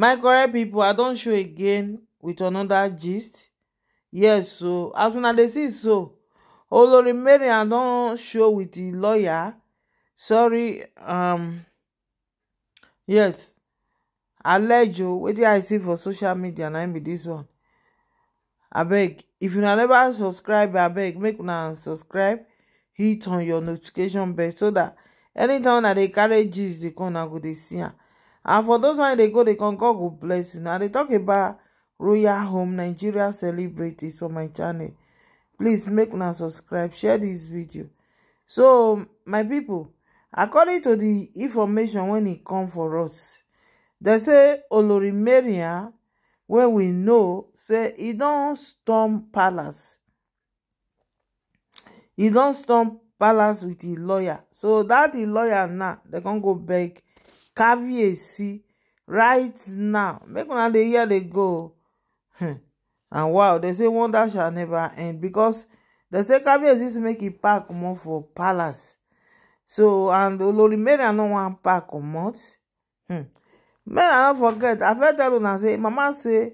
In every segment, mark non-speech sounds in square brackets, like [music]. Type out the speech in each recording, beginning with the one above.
my correct people, i don show again with another gist yes so as una dey see so olori I don show with the lawyer sorry um yes alejo wetin i see for social media na be this one abeg if una never subscribe abeg make una subscribe hit on your notification bell so that anytime una dey carry gist dey come una go dey see am and for those one they go they can god go bless you i they talk about royal home nigeria celebrities for my channel please make now subscribe share this video so my people, according to the information when e come for us they say Olori olorimeria When we know say he don't storm palace He don't storm palace with the lawyer so that the lawyer now they can go beg caviarcy right now make una dey hear dey go hmm. and wow dem say wonder shall never end because dem say caviarcy make e pack comot for palace so and olorimeria no wan pack comot hmm. make i no forget i first tell una say mama say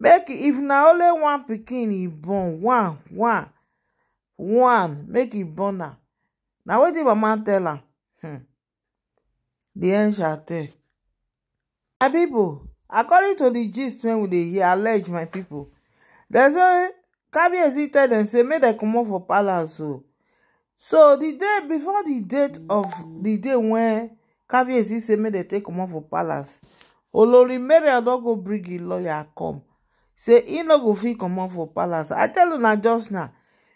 make if na only one pikin e born one one one make e born am na wetin mama tell am hmm. The end shall tell my people, according to the gist when we dey hear allege my people, dem say kabiyesi tell them, say may they come comot for palace o so the day before the date of the day when kabiyesi say "May they take comot for palace olori mariam don't go bring im lawyer come say he no go fit comot for palace i tell you now, just now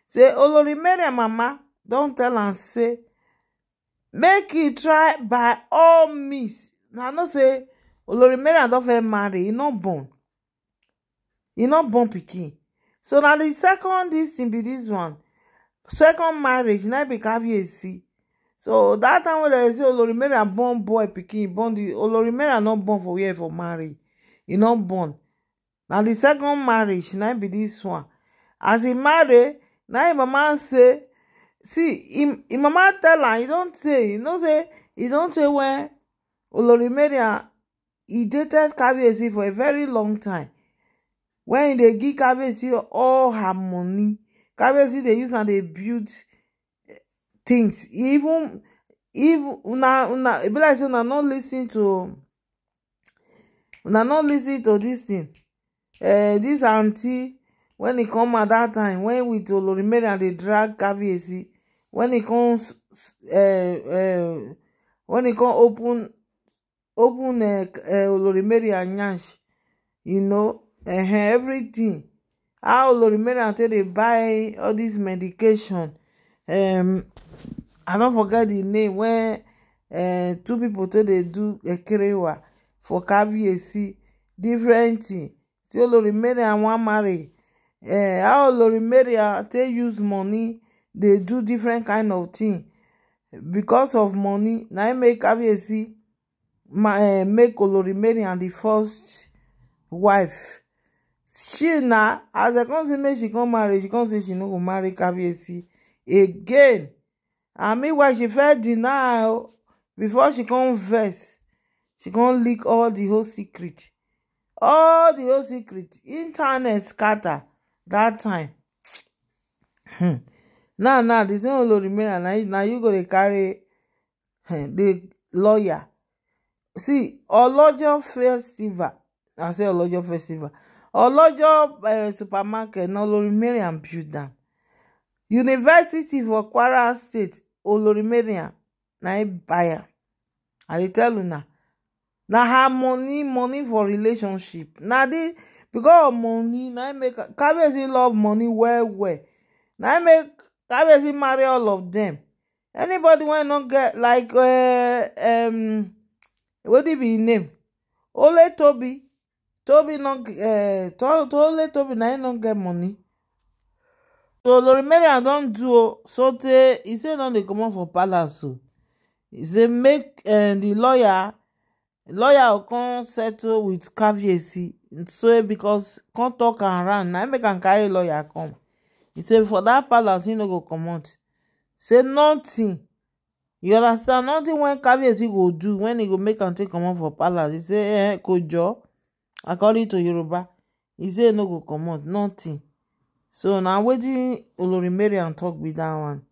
say olori mariam mama don't tell am say make e try by all means na i know say olori mariam don fair marry e no born e no born pikin so na the second this thing be this one second marriage na be caviarcy so that time wey dem say olori mariam born boy pikin e born di olori mariam no born for where for marry e no born na the second marriage na be this one as e marry na im e mama say see im mama tell am e don say e know say e don say wen olorimeria e dated kabiyesi for a very long time wen e dey give kabiyesi all her money kabiyesi dey use am dey build eh, things even if una una e be like say una no listen to una no listen to dis thing uh, eh, dis aunty wen e come at dat time wen with olorimeria dey drag kabiyesi when it comes, uh, uh, when it come open open uh, eh, uh, Olorumare and Nyansh you know uh, everything how Olorumare and until they buy all this medication um, I don't forget the name when uh, two people take they do a kerewa for Kabiyesi different thing say Olorumare and wan marry uh, how Olorumare and take use money dey do different kind of thing because of money na im make kabiyesi eh, make olori mary and the first wife she na as dem come say make she come marry she come say she no go marry kabiyesi again and meanwhile she first deny o before she come vex she come leak all the whole secret all the whole secret internet scatter that time hmm. now now di same olorimiran na you go dey carry eh, the lawyer see olojo festival i say olojo festival olojo eh, supermarket na olorimiran build am university for kwara state olorimiran na im e buy am i dey tell una na her money money for relationship na di because of money na im e make kabezi love money well well na im e make kabezi marry all of them. anybody wey not get like uh, um wetin be im name ole tobi tobi no uh, to ole Toby now. im don't get money so lori mariam don do so. sotey e say e don dey comot for palace He say make uh, the lawyer lawyer come settle with caviarcy so because come talk and run. na im make and carry lawyer come. He say for that palace he no go comot say nothing you understand nothing when wey kabiyesi go do when he go make am take comot for palace He say eh kojo according to yoruba He say no go comot nothing so na wetin olori mariam talk with that one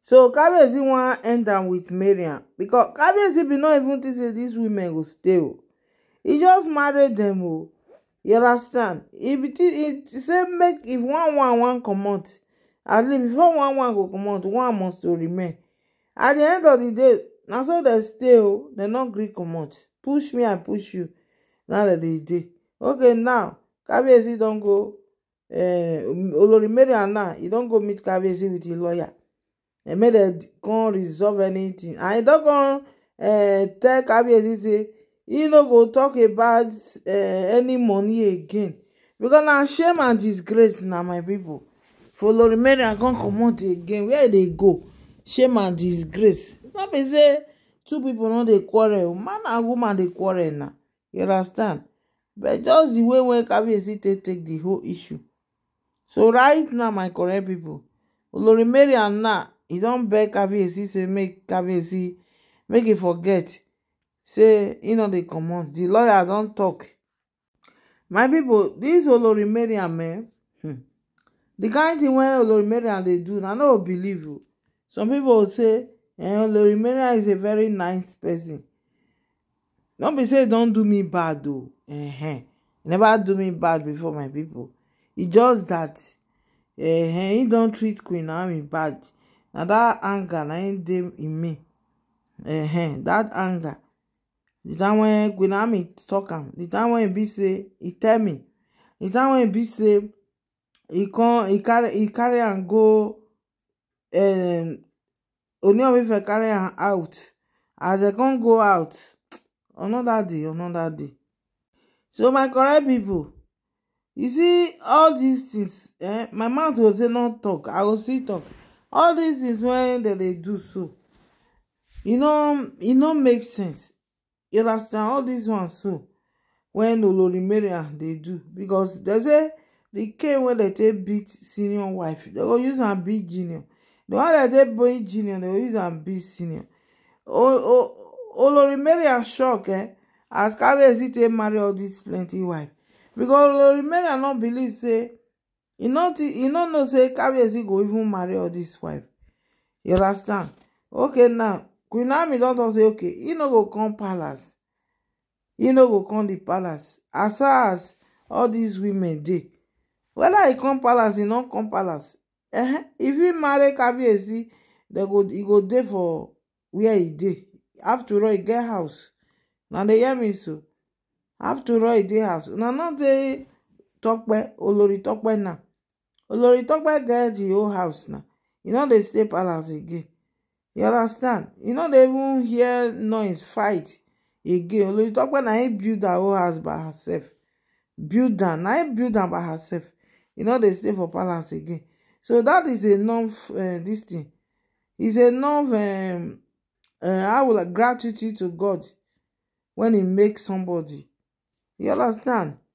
so kabiyesi wan end am wit mariam becos kabiyesi bin not even think say these women go stay oh. He just married them. o oh you understand e be it say make if one one wan comot at least before one one go comot one must to remain at di end of di day na so dem stay o dem no gree comot push me i push you Now dem dey dey okay now kabiyesi don't go Uh, eh, olori mariam now e don't go meet kabiyesi with im lawyer and make dem come resolve anything I don't go. Uh, tell kabiyesi say e no go talk about eh, any money again Because now shame and disgrace na my people. pipo foloromerian com comment again Where they go shame and disgrace no be say two people no dey quarrel man and woman dey quarrel now. you understand but just the way wey kabiyesi take take the whole issue so right now my correct pipo olori and now he don't beg kabiyesi say make kabiyesi make e forget say e no dey comot di lawyer don tok my pipo dis olorimariam eh hmm di kain tin wey olorimariam dey do na no believe o some people say eh olorimariam is a very nice person no be say e don do me bad o eh never do me bad before my people. e just that eh e don treat queen naomi bad na dat anger na im dey in me eh dat anger di time wen queen ami tok am di time wen e be say e tell me di time wen e be say e come e carry e carry am go um, Ooni of Ife carry am out as dem come go out [tsk] another day another day so my correct pipo you see all dis tins eh my mouth go say not tok i go still tok all dis tins wey dem dey do so e no e no make sense you understand all these ones so when olori mariam dey do because dem say the cane when they take beat senior wife they go use am beat junior the one that they beat junior they go use am beat senior Oh olori mariam shock eh as kabiyesi take marry all dis plenty wife because olori mariam no believe say not e not know say kabiyesi go even marry all dis wife you understand okay now queen naomi don't say okay He no go come palace He no go come the palace as far as all these women dey weda he come palace He no come palace eh if e marry kabiyesi e go He go dey for where he dey after all e get house na dey hear me so after all e dey house na not dey tope olori by now olori by get the whole house now e no dey stay palace again you understand You know they even hear noise fight again talk when I build her whole house by herself build am I build am by herself You know they stay for balance again so that is enough. non uh, eh, dis thing is enough. non um, uh, eh, how will gratitude to god when He make somebody you understand